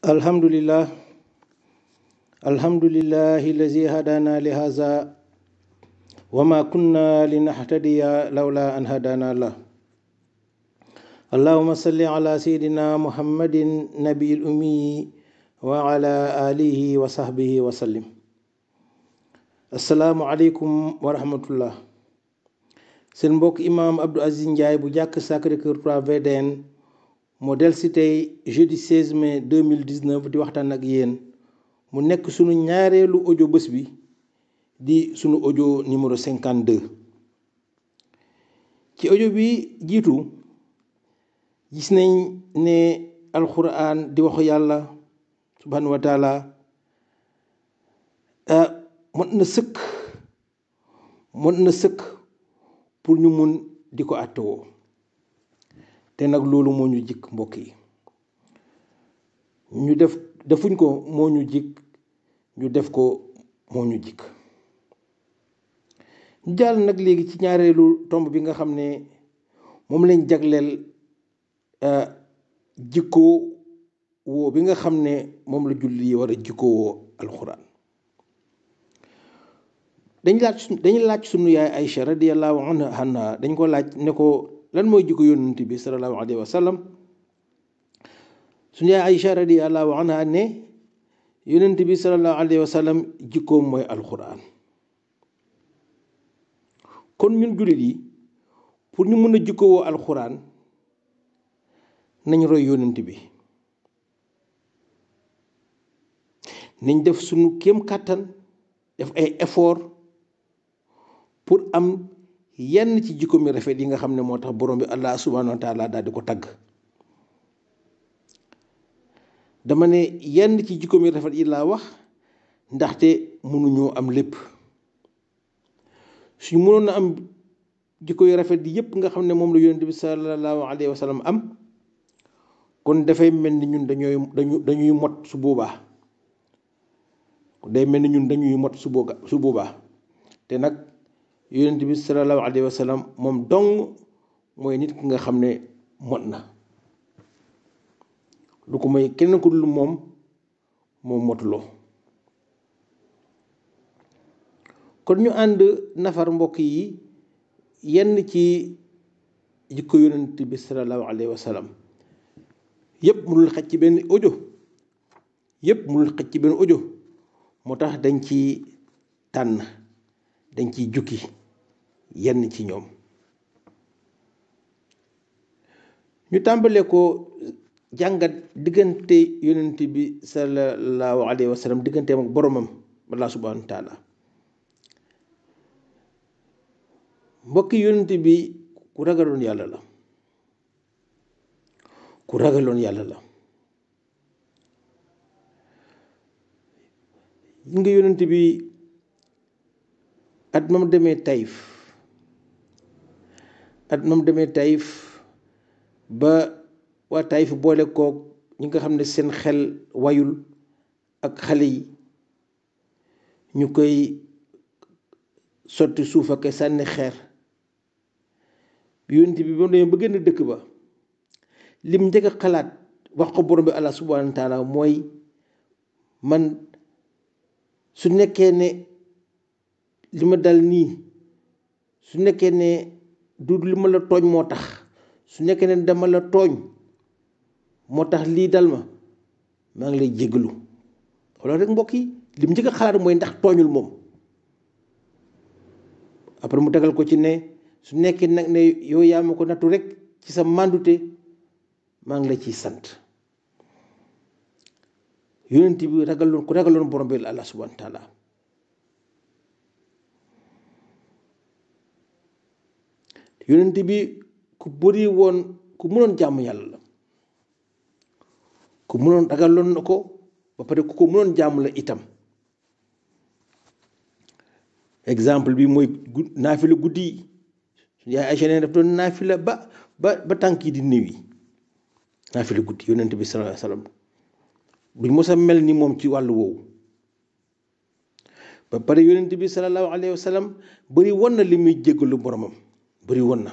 الحمد لله الحمد لله الذي هدانا لهذا وما كنا لنهتدي لولا أن هدانا الله اللهم صل على سيدنا محمد النبي الأمي وعلى آله وصحبه وسلم السلام عليكم ورحمة الله سنبوك إمام عبد العزيز جاي بجاك ساكر jàkk sacré moo del si tey jeudi 16 mai 2019 di waxtaan ak yéen mu nekk sunu ñaareelu audio bés bi di sunu audio numéro 52 ci audio bi jiitu gis nañ ne alxuraan di waxu yàlla subhanahu wa taala mën na sëkk mën na sëkk pour ñu mun di ko àttewoo te nag loolu moo ñu jikk mbokk yi ñu def defuñ ko moo ñu jikk ñu def ko moo ñu jikk ñu jàll nag léegi ci ñaareelu tomb bi nga xam ne moom lañ jagleel euh, jikkoo woo bi nga xam ne moom la julli yi war a jikkoo woo alxuraan dañ laaj dañu laaj sunu yaay Aïcha radiyallahu anha dañ ko laaj ne ko lan mooy jikko yonent bi sallallahu alayhi wa sallam ay yaay Aïcha radiyallahu anha ne yonent bi sallallahu alayhi wa jikkoom mooy alxuraan kon ñun jullit yi pour ñu mën a jikkowoo alxuraan nañ roy yonent bi nañ def suñu kem kàttan def ay effort pour am yenn ci jikkoom yu rafet yi nga xam ne moo tax borom bi allah subhanahu wa taala daal di ko tagg dama ne yenn ci jikkoom yu rafet yi laa wax ndaxte mënuñoo am lépp su mënoon na am jikko yu rafet yi yëpp nga xam ne moom la yonent bi sallallahu alayhi wa sallam am kon dafay mel ni ñun dañooy dañu dañuy mot su boobaa day mel ni ñun dañuy mot su boobaa su boobaa te nag yonent bi sallallahu alayhi wa moom dong mooy nit ki nga xam ne mot na lu ko may kenn ku dul moom moom motuloo kon ñu ànd nafar mbokk yi yenn ci jikko yonent bi sallallahu alayhi wa sallam yëpp mënul xaj ci benn audio yëpp mënul xaj ci benn audio moo tax dañ ci tànn dañ ciy jukki yenn ci ñoom ñu tàmbale ko jàngat diggante yonent bi sallallahu alayhi wa sallam digganteem ak boromam Allah subhanahu wa mbokki yonent bi ku ragaloon yàlla la ku ragaloon yàlla la yi nga yonent bi at mam demee Taïf ak nu demee Taïf ba waa Taïf boole kook ñi nga xam ne seen xel wayul ak xale yi ñu koy sotti suuf ak sànni xeer yonent bi ba mu ba gën dëkk ba lim njëkk xalaat wax ko borom bi allah subhanahu wa mooy man su nekkee ne li ma dal nii su nekkee ne du li ma la tooñ moo tax su nekk ne dama la tooñ moo tax lii dal ma maa ngi lay jéggalu xoolal rek mbokk yi li mu njëkk a xalaat mooy ndax tooñul moom après mu tegal ko ci ne su nekk nag ne yow yaa ma ko nattu rek ci sa mandute maa ngi la ciy sant yonent bi ragaloon ku ragaloon borom bi Allah subhanahu wa taala yonent bi ku bëri woon ku mënoon jàmm yàlla la ku mënoon ragaloon na ko ba pare ku ko mënoon jaamu la itam exemple bi mooy naafila guddi yi suñu yaay Aysa nee daf doon naafila ba ba ba tànk yi di néew yi naafila guddi yonent bi sallallahu alayhi wa sallam duñ mos mel ni moom ci wàllu woowu ba pare yonent bi sallallahu alayhi wa sallam bëri woon na li muy jéggalu boromam bëri woon na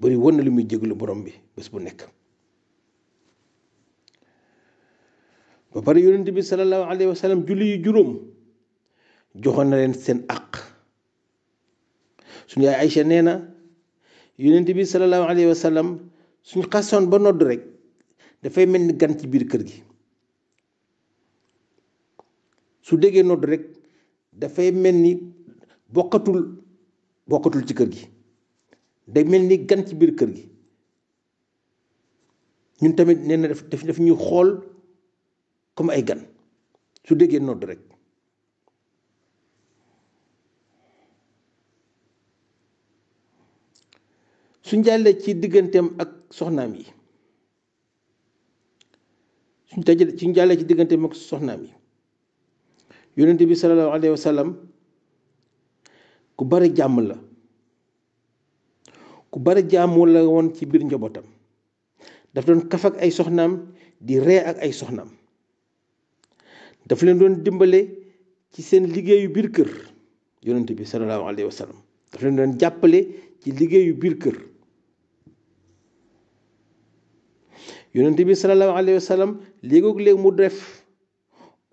bëri woon na lu muy jéglu borom bi bés bu nekk ba pare yonent bi sallallahu alayhi wa julli yu juróom joxoon na leen seen àq suñu yaay Aïcha nee na yonent bi sallallahu alayhi wa sallam suñu xasoon ba nodd rek dafay mel ni gan ci biir kër gi su déggee nodd rek dafay mel ni bokkatul bokkatul ci kër gi day mel ni gan ci biir kër gi ñun tamit nee na daf daf ñuy xool comme ay gan su déggee nodd rek su njàllee ci digganteem ak soxnaam yi suñ taj ci njàllee ci digganteem ak soxnaam yi yonent bi sallallahu alayhi wa sallam ku bari jàmm la ku bari jàmm la woon ci biir njabootam daf doon kaf ay soxnaam di ree ak ay soxnaam daf leen doon dimbale ci seen liggéeyu biir kër yonent bi sallallahu alayhi wa sallam daf leen jàppale ci liggéeyu biir kër yonent bi sallallahu alayhi wa sallam léegoog mu def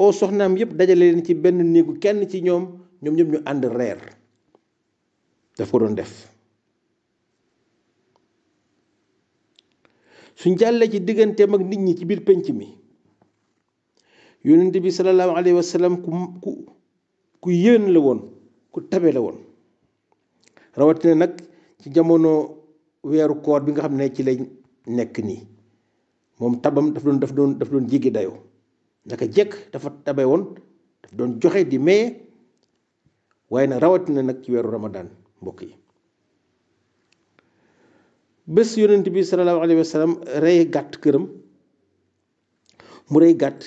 oo soxnaam yëpp dajale leen ci benn néegu kenn ci ñoom ñoom ñëpp ñu ànd reer daf ko doon def suñ jàllee ci digganteem ak nit ñi ci biir pénc mi yonent bi sallallahu alayhi wa sallam ku ku ku yéen la woon ku tabe la woon rawatina nag ci jamono weeru koor bi nga xam ne ci lañ nekk nii moom tabam daf doon daf doon daf doon jéggi dayoo naka jekk dafa tabe woon daf doon joxe di maye waaye nag rawatina nag ci weeru ramadaan bokk yi bés yonent bi sallallahu alayhi wa sallam rey gàtt këram mu rey gàtt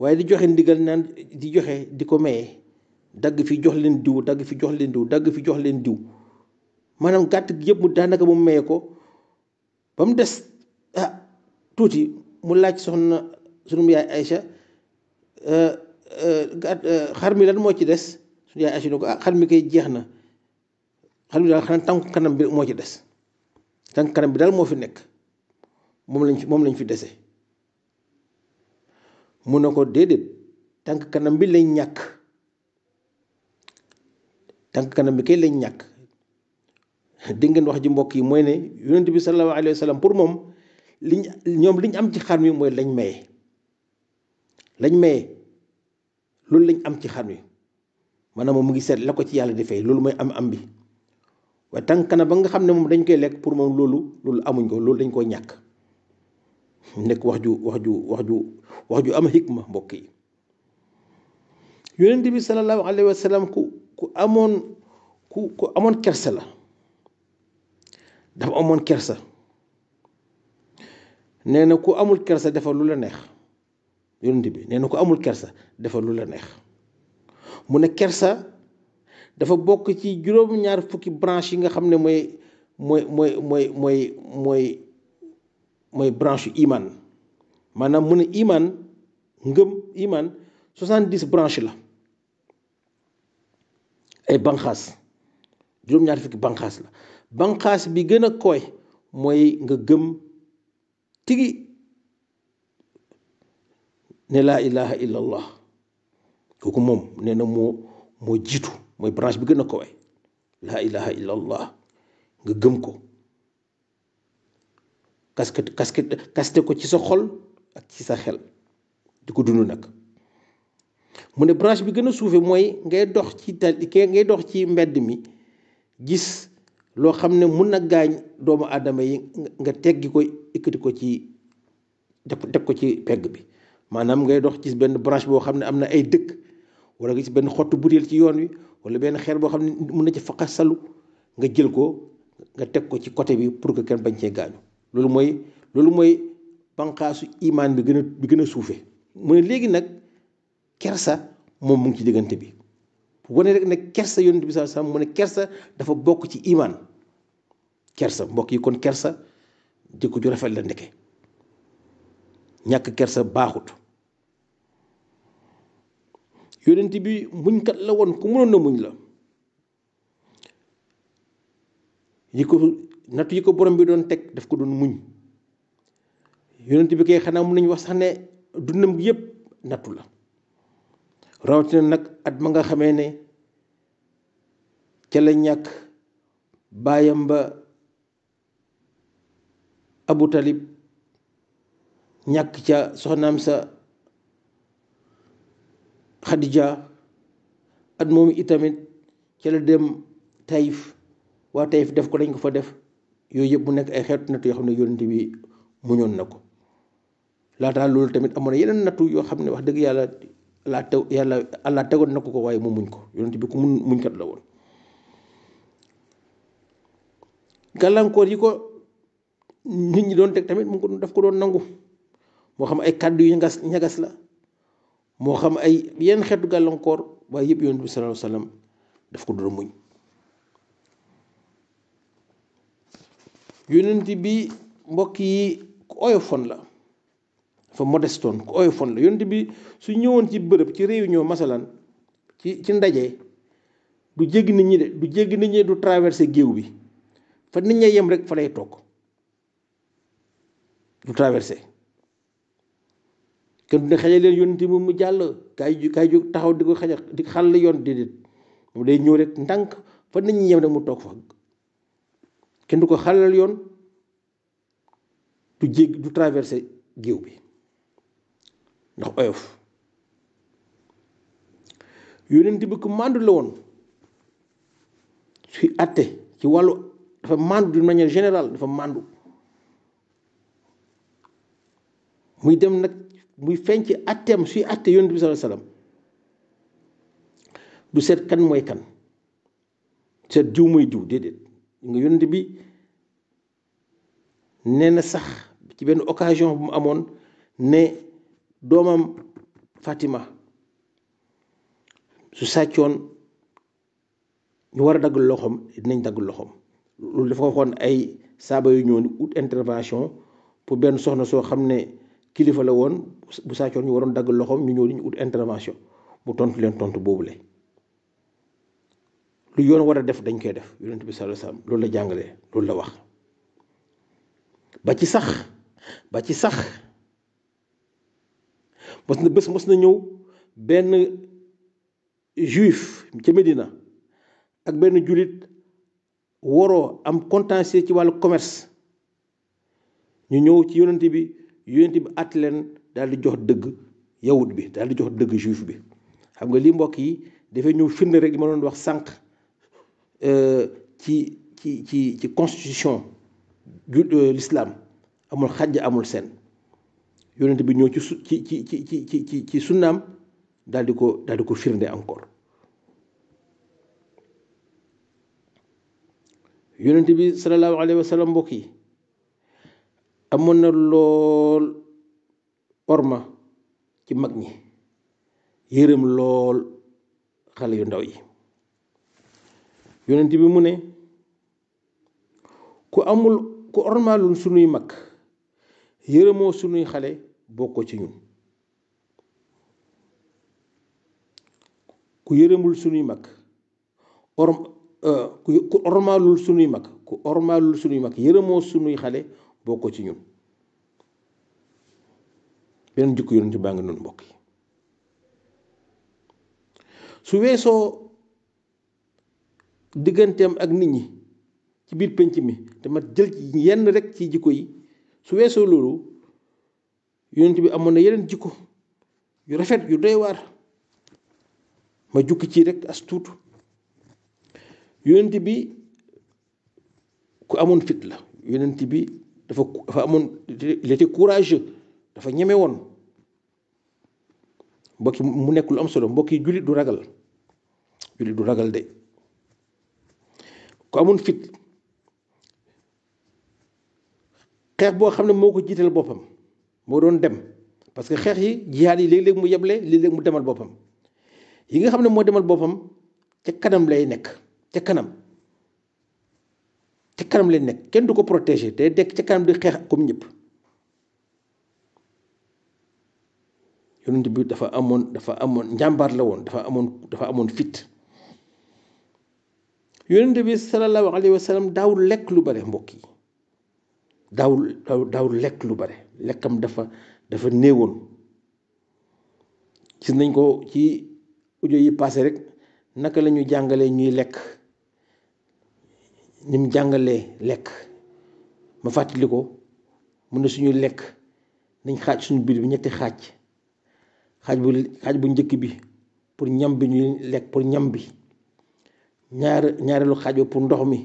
waaye di joxe ndigal naan di joxe di ko maye dagg fi jox leen diw dagg fi jox leen diw dagg fi jox leen diw maanaam gàtt gi yëpp mu daanaka mu maye ko ba mu des ah tuuti mu laaj soxna sunu yaay Aïcha euh, euh, gàtt euh, xar mi lan moo ci des sunu yaay Aïcha ne ko ah xar mi kay jeex na xel bi daal xanaa tànku kanam bi moo ci des tànku kanam bi daal moo fi nekk moom lañ fi moom lañ fi dese mu ne ko déedéet tànk kanam bi lañ ñàkk tànk bi kay lañ ñàkk dégg ngeen wax ji mbokk yi mooy ne yonent bi sallallahu alayhi wa sallam pour moom liñ ñoom liñ am ci xar mi mooy lañ maye lañ maye loolu lañ am ci xar mi maanaam moom mu ngi seet la ko ci yàlla di fay loolu mooy am am bi wa tankana ba nga xamne mom dañ koy lek pour mom lolu lolu amuñ ko lolu dañ koy ñak nek wax ju wax ju wax ju wax ju am hikma mbokk yi yonent bi sallallahu alayhi wa sallam ku ku amon ku ku amon kersa la dafa amon kersa neena ku amul kersa dafa lu la neex yonent bi neena ku amul kersa dafa lu la neex mu ne kersa dafa bokk ci juróom-ñaar fukki branche yi nga xam ne mooy mooy mooy mooy mooy mooy mooy branche yu iman maanaam mu ne imaan ngëm imaan soixante-dix branche la ay banqaas juróom-ñaar fukki banqaas la banqaas bi gën a koy mooy nga gëm tigi ne laa ilaha illallah kooku moom ne na moo moo jiitu mooy branche bi gën a kowe laa ilaha illa allah nga gëm ko kaste kasket kaste ko ci sa xol ak ci sa xel di ko dund nag mu ne branche bi gën a suufe mooy ngay dox ci tal ngay dox ci mbedd mi gis loo xam ne mun na gaañ doomu aadama yi nga teggi ko ikkati ko ci def teg ko ci pegg bi maanaam ngay dox ci benn branche boo xam ne am na ay dëkk wala nga gis benn xottu butéel ci yoon wi wala benn xeer boo xam ne mun na ci salu nga jël ko nga teg ko ci côté bi pour que kenn bañ cee gaañu loolu mooy loolu mooy banqaasu imaan bi gën a bi a suufee mu ne léegi nag kersa moom mu ngi ci diggante bi wane rek ne kersa yonent bi sallallahu mu ne kersa dafa bokk ci imaan kersa mbokk yi kon kersa jikko ju rafet la ndeke ñàkk kersa baaxut yonent bi lawan la won ku mënoon na muñ la yiko ko yiko borom bi doon tek daf ko doon muñ yonent bi kay xana mun wax sax ne dundam gi yépp natu la rawti nak at ma nga xamé ne ci la ñak bayam ba abu talib ñak ca soxnam sa Khadija at moom it tamit la dem Taïf waa Taïf def ko dañ ko fa def yooyu yëpp mu nekk ay xeetu nattu yoo xam ne yonent bi muñoon na ko laataa loolu tamit amoon yeneen nattu yoo xam ne wax dëgg yàlla laa yàlla àllaa tegoon na ko ko waaye mu muñ ko yonent bi ku mun muñkat la woon gàllankoor yi ko nit ñi doon teg tamit mu ko daf ko doon nangu moo xam ay kàddu yu ñagas ñagas la moo xam ay yenn xeetu gàllankoor waaye yëpp yonent bi sallallahu alayhi wasallam ko doon muñ yi ku la dafa modestoon ku oyofoon la yonent bi su ñëwoon ci bërëb ci réunion masalan ci ci ndaje du jéggi nit ñi du jéggi nit ñi du traversé géew bi fa nit ña yem rek fa lay toog du traversé kenn du xañal leen yonent moom mu jàll kaay ju kaay ju taxaw di ko xañal di xàll yoon déedéet moom day ñëw rek ndànk fa nit ñi yem nag mu toog fa kenn du ko xalal yoon du jég du traversé géew bi ndax oyof yonent bi ku màndu la woon suy àtte ci wàllu dafa màndu d'une manière générale dafa màndu muy dem nag muy feeñ ci atteem suy atte yonent bi sallallahu du seet kan mooy kan seet jiw mooy jiw déedéet nga yonent bi nee na sax ci benn occasion bu mu amoon ne doomam Fatima su sàccoon ñu war a dagg loxoom dinañ dagg loxoom loolu dafa waxoon ay saaba yu ñëw ut intervention pour benn soxna soo xam ne kilifa la woon bu sàccoon ñu waroon dagg loxoom ñu ñëw di ñu ut intervention mu tontu leen tontu boobule. lu yoon war a def dañ koy def yonent bi sallallahu alayhi loolu la jàngalee loolu la wax ba ci sax ba ci sax mos na bés mos na ñëw benn juif ca Medina ak benn jullit waroo am contentieux ci wàllu commerce ñu ñëw ci yonent bi. yonent bi at leen daal di jox dëgg yawut bi daal di jox dëgg juif bi xam nga li mbokk yi dafay ñëw firnde rek li ma doon wax sànq euh, ci ci ci ci constitution ju euh, l'islam amul xajj amul seen yonent bi ñëw ci su ci ci ci ci ci ci sunnaam daal di ko daal ko firnde encore yonent bi sallallahu alayhi wa sallam mbokk yi amoon na lool orma ci mag ñi yërëm lool xale yu ndaw yi yonent bi mu ne ku amul ku ormaalul sunuy mag yërëmoo sunuy xale bokkoo ci ñun ku yërëmul sunuy mag orm euh, ku ormaalul sunuy mag ku ormaalul sunuy mag yërëmoo sunuy xale bokkoo ci ñun beneen jikko yonent baa ngi noonu mbokk yi su weesoo digganteem ak nit ñi ci biir pénc mi dama jël ci yenn rek ci jikko yi su weesoo loolu yonent bi amoon na yeneen jikko yu rafet yu doy waar ma jukki ci rekk as tuut yonent bi ku amoon fit la yonent bi dafa dafa amoon il était courageux dafa ñeme woon mbokki mu nekk lu am solo mbokki julit du ragal julit du ragal de ko amoon fit xeex boo xam ne moo ko jiital boppam moo doon dem parce que xeex yi jihaad yi léeg-léeg mu yeble léeg-léeg mu demal boppam yi nga xam ne moo demal boppam ca kanam lay nekk ca kanam ca kanam leen nekk kenn du ko protéger day dekk ca kanam di xeex comme ñëpp yonent bi dafa amoon dafa amoon njàmbaar la woon dafa amoon dafa amoon fit yonent bi sallallahu alayhi wa sallam daawul lekk lu bare mbokk yi daawul daawul lekk lu bare lekkam dafa dafa néewoon gis nañ ko ci ujo yi passé rek naka la ñu jàngalee ñuy lekk ni mu jàngalee lekk ma fàttali ko mu ne suñu lekk nañ xaaj suñu bill bi ñetti xaaj xaaj bu xaaj bu njëkk bi pour ñam bi ñuy lekk pour ñam bi ñaar ñaareelu xaaj bi pour ndox mi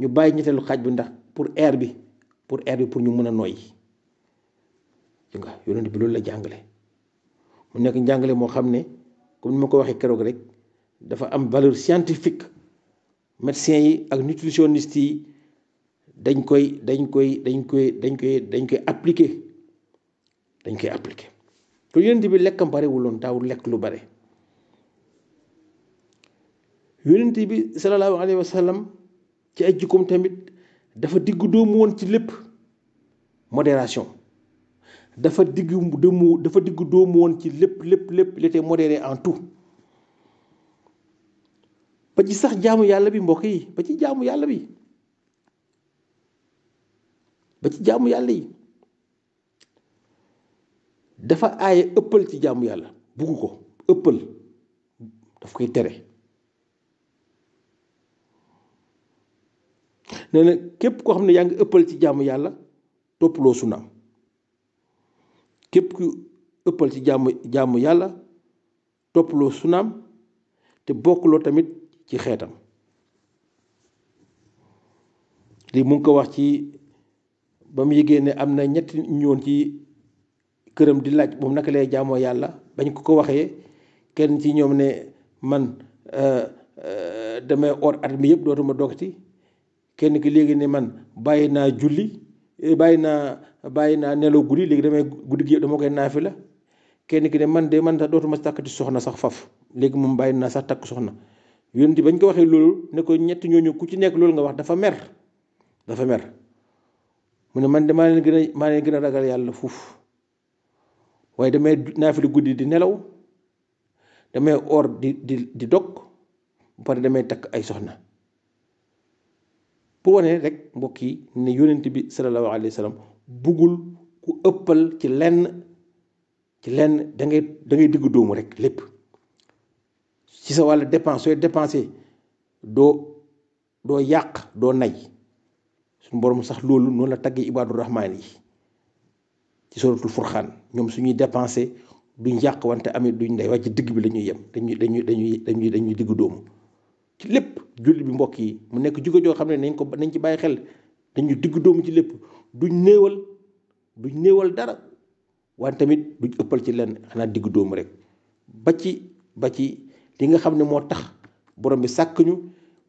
ñu bàyyi ñetteelu xaaj bi ndax pour air bi pour air bi pour ñu mën a noyyi nga yonent bi loolu la jàngale mu nekk njàngale moo xam ne comme nu ma ko waxee keroog rek dafa am valeur scientifique médecins yi ak nutritionniste yi dañ koy dañ koy dañ koy dañ koy dañ koy appliqué dañ koy appliqué te yonent bi lekkam barewuloon daawul lekk lu bare yonent bi sallallahu alayhi wa sallam ci ay jikkoom tamit dafa diggu doomu woon ci lépp modération dafa diggu doomu dafa diggu woon ci lépp lépp lépp il était en tout ba ci sax jaamu yàlla bi mbokk yi ba ci jaamu yàlla bi ba ci jaamu yàlla yi dafa aaye ëppal ci jàmm yàlla bugg ko ëppal daf koy tere nee na képp koo xam ne yaa ngi ëppal ci jàmm yàlla toppaloo sunnaam képp ku ëppal ci jaamu jaamu yàlla toppaloo sunnaam te bokkuloo tamit ci xeetam lii mu ngi ko wax ci ba mu yëgee am na ñett ñoon ci këram di laaj moom naka lay jaamoo yàlla bañ ko ko waxee kenn ci ñoom ne man euh, euh, damay or at mi yëpp dootuma dogati kenn ki léegi ne man bàyyi naa julli eh, bàyyi naa bàyyi naa nelaw guddi léegi damay guddi gi yëpp dama koy naafi la kenn ki ne man de man sax dootuma tàkkati soxna sax faf léegi moom bàyyi naa sax takk soxna yonent bañ ko waxee loolu ne ko ñett ñooñu ku ci nekk loolu nga wax dafa mer dafa mer mu ne man de maa leen gën a maa ragal yàlla fuuf waaye damay naafila guddi di nelaw damay or di di di dog bu pare damay takk ay soxna pour wane rek mbokk yi ne yonent bi sallallahu alayhi wa sallam buggul ku ëppal ci lenn ci lenn da dangay digg dóomu rek lépp ci sa wàllu dépense sooy dépensé doo doo yàq doo nay suñu borom sax loolu noonu la taggee ibadu rahmaan yi ci suratul furxaan ñoom suñuy dépensé duñ yàq wante amit duñ nday wàcc digg bi la ñuy yem dañuy dañuy dañuy dañuy dañuy digg doomu ci lépp julli bi mbokk yi mu nekk juga joo xam ne nañ ko nañ ci bàyyi xel dañuy digg doomu ci lépp duñ néewal duñ néewal dara wante tamit duñ ëppal ci lenn xanaa digg doomu rek ba ci ba ci li nga xam ne moo tax borom bi sàkk ñu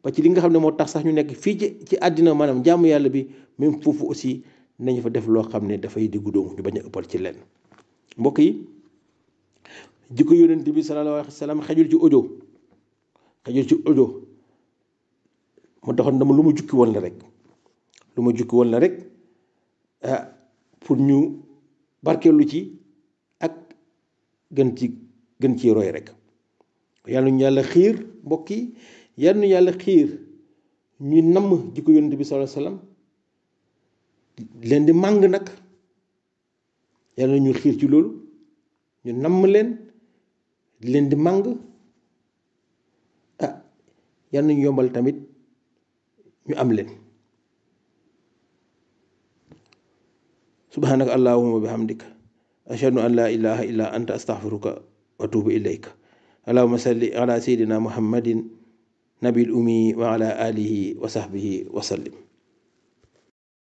ba ci li nga xam ne moo tax sax ñu nekk fii ci ci àddina maanaam jaamu yàlla bi même foofu aussi nañu fa def loo xam ne dafay diggu doomu ñu bañ a ëppal ci lenn mbokk yi jikko yonent bi sallallahu alayhi wa sallam xejul ci ojo xejul ci audio mu taxoon dama lu ma jukki woon la rek lu ma jukki woon la rek ah pour ñu barkeelu ci ak gën ci gën ci roy rek yàlla ñu yàlla xiir mbokk yi yàlla yàlla xiir ñuy namm jikko yonent bi sallallahu alayhi leen di màng nag yàlla ñu xiir ci loolu ñu namm leen leen di màng ah yàlla ñu yombal tamit ñu am leen subhanaka allahumma bihamdika ashhadu an la ilaha illa anta astaghfiruka wa ilayka اللهم صل على سيدنا محمد نبي الأمي وعلى آله وصحبه وسلم